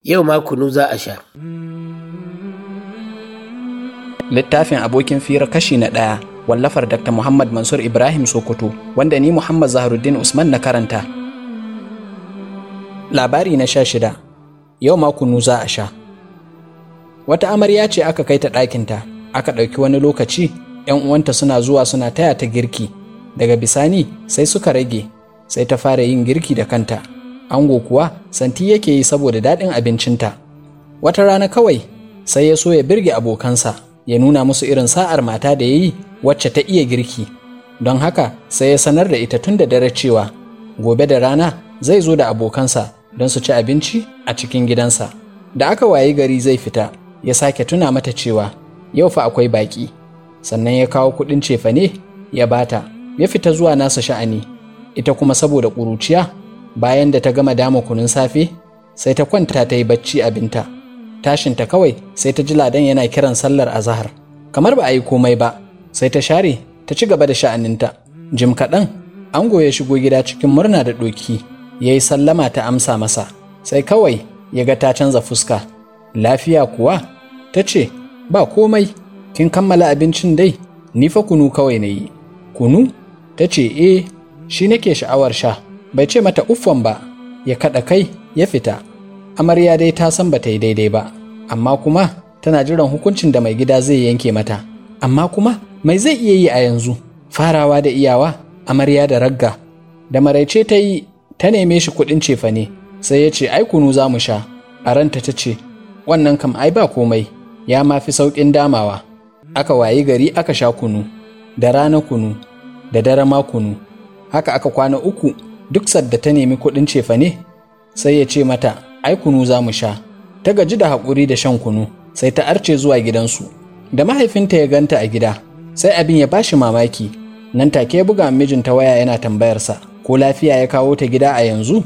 Yau ma kunu za a sha. Littafin abokin fira kashi na ɗaya wallafar Dr. Muhammad Mansur Ibrahim Sokoto wanda ni Muhammad Zaharuddin Usman na karanta. Labari na sha shida Yau ma kunu za a sha. Wata amarya ce aka kai ta ɗakinta, aka ɗauki wani lokaci, ‘yan uwanta suna zuwa suna taya ta girki, daga bisani sai suka rage, sai ta fara yin girki da kanta. ango kuwa santi yake yi saboda daɗin abincinta wata rana kawai sai ya so ya birge abokansa ya nuna musu irin sa'ar mata da ya yi wacce ta iya girki don haka sai ya sanar da ita tun da dare cewa gobe da rana zai zo da abokansa don su ci abinci a cikin gidansa da aka wayi gari zai fita ya sake tuna mata cewa yau fa akwai baƙi sannan ya kawo kuɗin cefane ya bata ya fita zuwa nasa sha'ani ita kuma saboda ƙuruciya bayan da ta gama dama kunun safe sai ta kwanta ta yi bacci abinta tashinta kawai sai ta ji ladan yana kiran sallar azahar kamar ba a yi komai ba sai ta share ta ci gaba da sha'aninta jim kaɗan ango ya shigo gida cikin murna da ɗoki ya yi sallama ta amsa masa sai kawai ya ga ta canza fuska lafiya kuwa ta ce ba komai kin kammala abincin dai ni fa kunu kawai na yi kunu ta ce eh shi nake sha'awar sha bai ce mata uffon ba ya kaɗa kai ya fita amarya dai ta san ba ta yi daidai ba amma kuma tana jiran hukuncin da mai gida zai yanke mata amma kuma mai zai iya yi a yanzu farawa da iyawa amarya da ragga da maraice ta yi ta neme shi kuɗin cefane sai ya ce ai kunu za mu sha a ranta ta ce wannan kam ai ba komai ya ma fi sauƙin damawa aka wayi gari aka sha kunu da rana kunu da dare ma kunu haka aka kwana uku duk sadda ta nemi kuɗin ne, sai ya ce mata ai kunu za mu sha ta gaji da hakuri da shan kunu sai ta arce zuwa gidansu da mahaifinta ya ganta a gida sai abin ya bashi mamaki nan take ya buga mijinta waya yana tambayarsa ko lafiya ya kawo ta gida a yanzu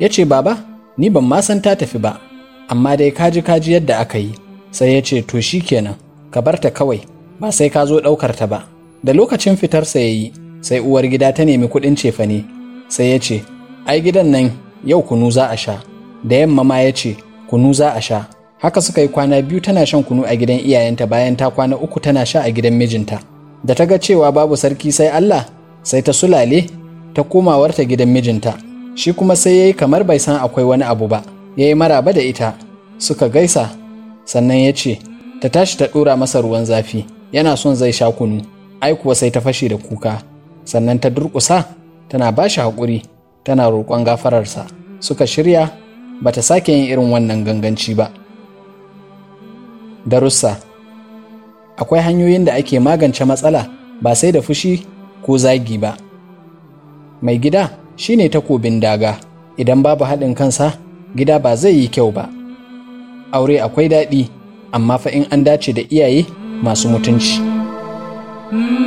ya ce baba ni ban ma san ta tafi ba amma dai kaji kaji yadda aka yi sai ya ce to shi kenan ka bar ta kawai ba sai ka zo ɗaukar ta ba da lokacin fitarsa ya yi sai uwar gida ta nemi kuɗin ne. sai ya ce ai gidan nan yau kunu za a sha da yamma ma ya ce kunu za a sha haka suka yi kwana biyu tana shan kunu a gidan iyayenta bayan ta kwana uku tana sha a gidan mijinta da ta ga cewa babu sarki sai Allah sai ta sulale ta komawarta gidan mijinta shi kuma sai ya yi kamar bai san akwai wani abu ba ya yi maraba da ita suka gaisa sannan ya ce ta tashi ta ɗora masa ruwan zafi yana son zai sha kunu ai kuwa sai ta fashe da kuka sannan ta durƙusa tana ba shi haƙuri tana roƙon gafararsa suka shirya ba ta sake yin irin wannan ganganci ba darussa akwai hanyoyin da ake magance matsala ba sai da fushi ko zagi ba mai gida ne takobin daga idan babu haɗin kansa gida ba zai yi kyau ba aure akwai daɗi amma fa in an dace da iyaye masu mutunci. Mm.